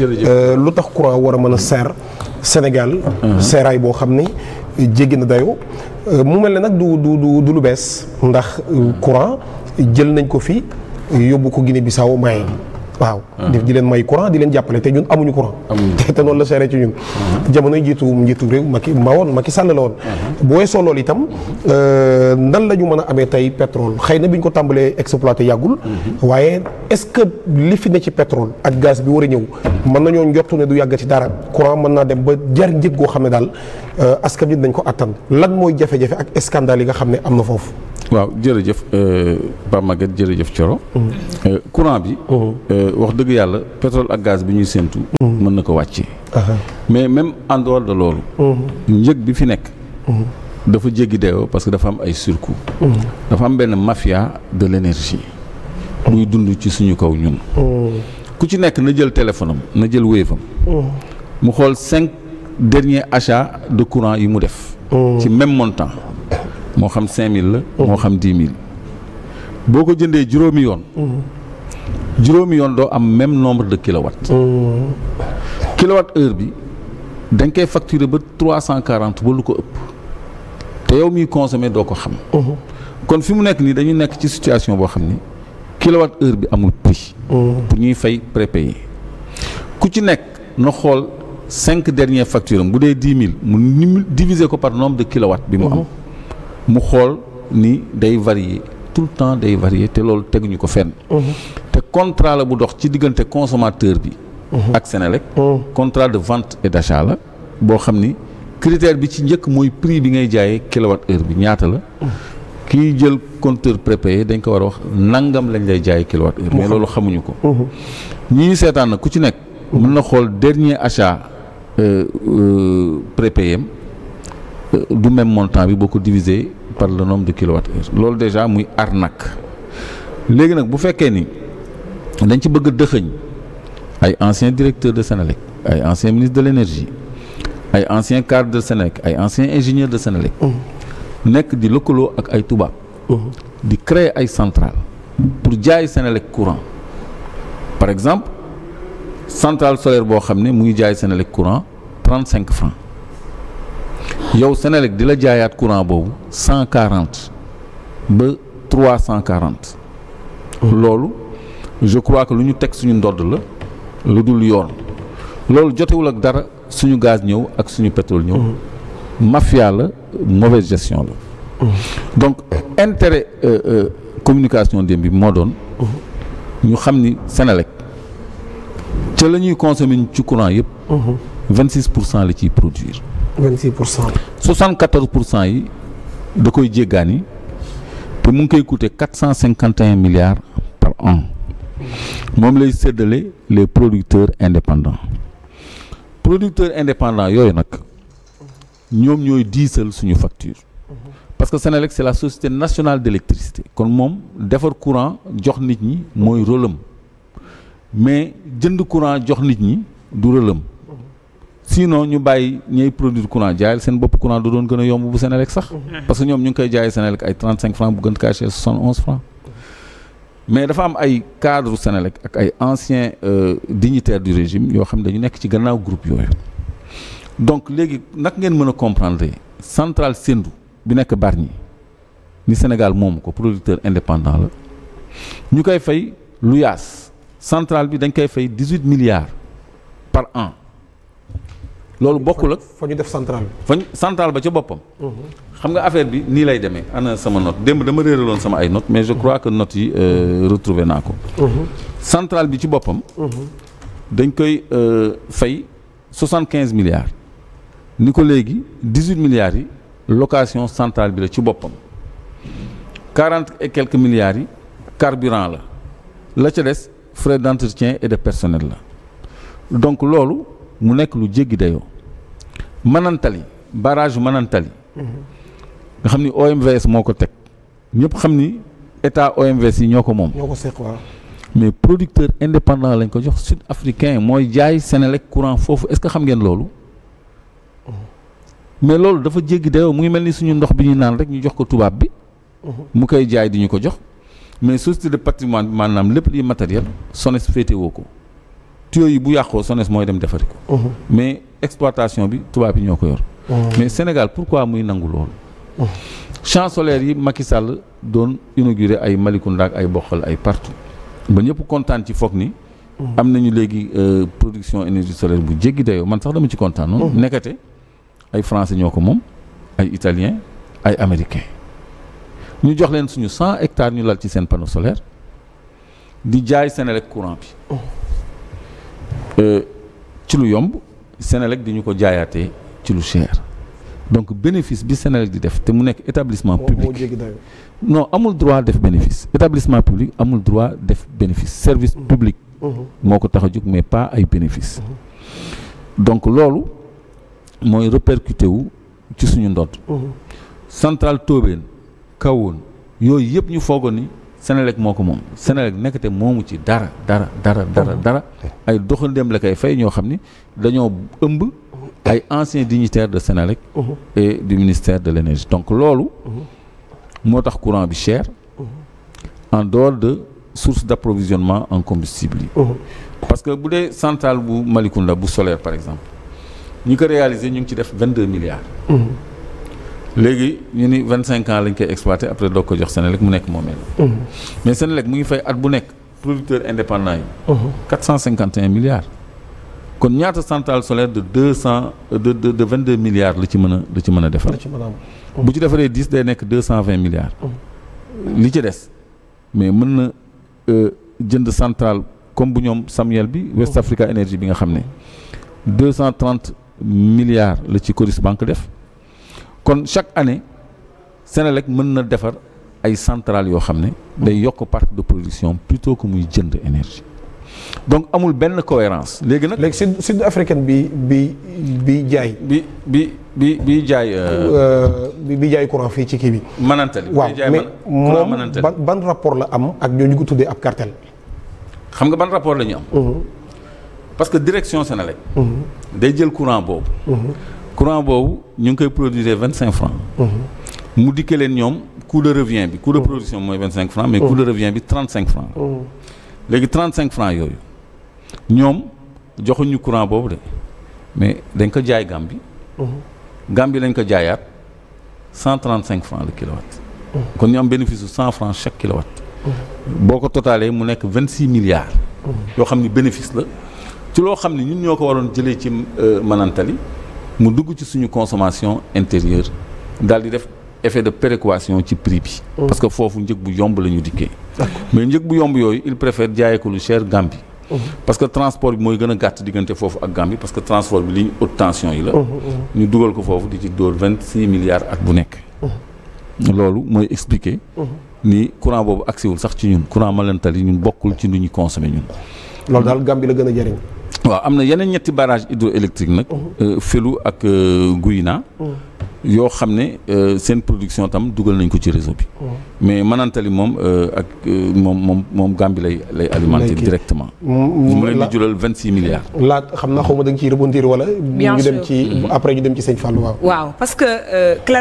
Euh, lu tax courant war a mën a seer Sénégal. seeraay boo xam ne euh, jéggi na dayoo. Euh, mu mel ne nag du du du lu bees ndax courant jël nañ ko fi yóbbu ko Guinée Bissau may waaw ah. di di leen may courant di leen jàppale te ñun amuñu courant te noonu la seere ci ñun ah. jamono njiitu njiitu réew Macky ma woon Macky Sall la woon ah. bu weesoo loolu itam euh, nan la ñu mën a amee tey pétrole xëy na bi ñu ko tàmbalee exploité yàggul mm-hmm. waaye est-ce que li fi ne ci pétrole ak gaz bi war a ñëw mën nañoo njottu ne du yàgg ci dara courant mën naa dem ba jar njëg goo xam ne daal euh, askan bi dañ ko attan lan mooy jafe-jafe ak scandale yi nga xam ne am na foofu waaw jërëjëf euh, Pape Maguette jërëjëf coro mm. euh, courant bi. Mm. Euh, wax dëgg yàlla pétrole ak gaz bi ñuy séentu. Mm. mën na ko wàccee. mais même en dehors de loolu. njëg bi fi nekk. dafa jéggi dayoo parce que dafa am ay surcoût. dafa am benn mafia de l'énergie. buy dund ci suñu kaw ñun. ku ci nekk na jël téléphone na jël Wave mu xool cinq dernier achats de courant yi mu def. ci même montant. moo xam 5000 la. Oh. moo xam 10000. boo ko jëndee juróomi yoon. Mm. juróomi yoon doo am même nombre de kilowatts. Mm. kilowat heure bi dañ koy facturer ba 340 ba lu ko ëpp te yow miy consommer doo ko xam. Mm-hmm. kon fi mu nekk nii dañu nekk ci situation boo xam ni kilowat heure bi amul prix. Mm. pour ñuy fay prépayé ku ci nekk na xool cinq dernières factures am bu dee dix mille mu diviser ko par nombre de kilowatts bi mu am. Mm-hmm. mu xool ni day varier tout le temps day varier te loolu teguñu ko fenn. Mhm. te contrat la bu dox ci diggante consommateur bi. Mhm. ak Senelec. Mhm. contrat de vente et d'achat la boo xam ni critère bi ci njëkk mooy prix bi ngay jaayee kilowatt heure bi ñaata la. kii jël compteur prépayé dañ ko war a wax nangam lañ lay jaay kilowatt heure. mais loolu xamuñu ko. ñii seetaan na ku ci nekk. mën na xool dernier achat euh, euh, prépayé am euh, du même montant bi boo ko diviser par le nombre de kilowattheure loolu déjà muy arnaque léegi nag bu fekkee ni dañ ci bëgg a dëxëñ ay anciens directeur de Sénélec ay anciens ministres de l'énergie ay anciens cadres de Sénélec ay anciens ingénieur de Sénélec nekk di lëkkaloo ak ay tubaab di créer ay centrales pour jaay Sénélec courant par exemple central solaire boo xam ne mu ngi jaay Sénélec courant trente cinq francs yow Senelec di la jaayaat courant boobu cent quarante ba trois cent quarante. loolu je crois que lu ñu teg suñu ndodd la lu dul yoon loolu jotewul ak dara suñu gaz ñëw ak suñu pétrole ñëw. Mm-hmm. mafia la mauvaise gestion la. Mm-hmm. donc intérêt euh, euh, communication démb bi moo doon. Mm-hmm. ñu xam ni Senelec ca la ñuy consommer ci courant yëpp. vingt pour cent la ciy produire. 26 pour cent. 74 pour cent yi da koy jéggaani te mu ngi koy coûter 451 milliards par an moom lay seddale les producteurs indépendants producteur indépendants yooyu nag ñoom ñooy diisal suñu facture. parce que Senelec c'est la société nationale d'électricité kon moom defar courant jox nit ñi mooy rôle mais jënd courant jox nit ñi du rôle sinon ñu bàyyi ñay produire courant jaayal seen bopp courant du doon gën a yomb bu Senelec sax. Mhm. parce que ñoom ñu ngi koy jaayee Senelec ay 35 francs bu gën kaa cher 71 francs mais dafa am ay cadre Senelec ak ay anciens euh, dignitaires du régime yoo xam ne dañu nekk ci gannaaw groupe yooyu. donc léegi nag ngeen mën a comprendre centrale Sendou bi nekk Bargny ni Sénégal moomu ko producteur indépendant la ñu koy fay lu yaas centrale bi dañ koy fay 18 milliards par loolu bokkul ak fa ñu def central bi. fa ñu central ba ca boppam. xam nga affaire bi nii lay demee ana sama note démb dama réeraloon sama ay notes mais je crois que notes yi euh, retrouvé naa ko. centrale bi ci boppam. dañ koy euh, fay soixante quinze milliards. ni ko léegi dix huit milliards yi location centrale bi la ci boppam quarante et quelques milliards yi carburant la la ca des frais d' entretien et de personnel la donc loolu. mu nekk lu jéggi dayoo Manantali barrage Manantali nga xam ni OMVS moo ko teg ñëpp xam ni état OMVS yi ñoo ko moom. ñoo ko seq mais producteur indépendant lañ ko jox sud africain mooy jaay Sénélec courant foofu est-ce que xam ngeen loolu. mais loolu dafa jéggi dayoo mu ngi mel ni suñu ndox bi ñu naan rek ñu jox ko tubaab bi. mu koy jaay di ñu ko jox. mais société de patrimoine maanaam lépp li matériel SONES féetewoo ko. tuyaux yi bu yàqoo SONES mooy dem defari ko. Mhm. mais exploitation bi tubaab yi ñoo ko yor. Mhm. mais Sénégal pourquoi muy nangu loolu. Mhm. champs solaires yi Macky Sall doon inauguré ay Malicounda ak ay Bokhol ay partout ba ñëpp kontaan ci foog ni. am nañu léegi euh, production énergie solaire bu jéggi dayoo man sax dama ci kontaan noonu. nekkate ay français ñoo ko moom ay italien ay américain ñu jox leen suñu cent hectares ñu lal ci seen panneau solaire di jaay Senelec courant bi. Euh, ci lu yomb Senelec di ñu ko jaayaatee ci lu cher donc bénéfice bi Senelec di def te mu nekk établissement oh, public non amul droit def bénéfice établissement public amul droit def bénéfice service mm-hmm. public mm-hmm. moo ko tax a jóg mais pas ay bénéfice mm-hmm. donc loolu mooy répercuté wu ci suñu ndodd centrale Tobène Kahone yooyu yëpp ñu foogoon Senelec moo ko moom Senelec nekkate moomu ci dara dara dara dara dara ay doxandéem la ay fay ñoo xam ni dañoo ëmb ay anciens dignitaires de Senelec mhm. et du ministère de l'énergie donc loolu mhm. moo tax courant bi cher mhm. en dehors de source d'approvisionnement en combustible yi parce que bu dee centrale bu Malicounda bu solaire par exemple ñu ko réaliser ñu ngi ci def vingt deux milliards léegi ñu ni vingt cinq ans lañ koy exploité après doo ko jox Senelec mu nekk moomeel mhm. mais Senelec mu ngi fay at bu nekk producteur indépendant yi mhm. cent cinquante et un milliards kon ñaata centrale solaire de deux cent de de vingt deux milliards la ci mën a la mën a defar mhm. bu ci defaree dix nekk deux cent vingt milliards li ci des mais mën na euh, jënd central comme bu ñoom Samuel bi West Africa Energy bi nga xam ne deux cent trente milliards la ci Coris Bank def kon chaque année Senelec mën na defar ay centrales yoo xam ne day yokk parc de production plutôt que muy jënd énergie donc amul benn cohérence léegi nag. léegi sud sud africaine bi bi bi jaay. bi bi bi bi jaay. Euh, euh, bi jaay courant fii ci kii bi. Manantali waaw mais moom ban ban rapport la am ak ñooñu ko tuddee ab cartel. xam nga ban rapport lañu am. Mhm. parce que direction Senelec. Mhm. day jël courant boobu. Mhm. courant boobu ñu ngi koy produire vingt cinq francs mhm. mu dikke leen ñoom coût de revient bi coût de mhm. production mooy vingt cinq francs mais mhm. coût de revient bi trente cinq francs la léegi trente cinq francs yooyu ñoom joxuñu courant boobu de mais dañ ko jaay Gambie Gambie lañ ko jaayaat cent trente cinq francs le kilowatt kon ñu am bénéfice su cent francs chaque kilowatt boo ko totalee mu nekk vingt six milliards yoo xam ni bénéfice la ci loo xam ne ñun ñoo ko waroon jëlee ci euh, Manantali mu dugg ci suñu consommation intérieure daal di def effet de péréquation ci prix bi. Oh. parce que foofu njëg bu yomb la ñu dikkee. mais njëg bu yomb yooyu il préfère jaayee ko cher Gambie. Oh. parce que transport bi mooy gën a gàtt diggante foofu ak Gambie parce que transport bi ligne haute tension yi la. Oh, ñu dugal ko foofu di ci dóor vingt six milliards ak bu nekk. loolu mooy expliquer. ni courant boobu agsiwul sax ci ñun courant Malentali ñun bokkul ci lu ñuy consommer ñun. loolu daal Gambie la gën a jëriñ. waaw am na yeneen ñetti barrage hydroélectrique nag mhm. euh, Felu ak euh, Guyna mhm. yoo xam ne euh, seen production tam dugal nañ ko ci réseau bi mhm. mais Manantali moom ak moom moom moom Gambie lay lay alimenté directement mu leen di jural vingt six milliards laa xam na xaw ma da nga ciy rebondir wala ñu ci après ñu dem ci sëñ Fallou waaw waaw parce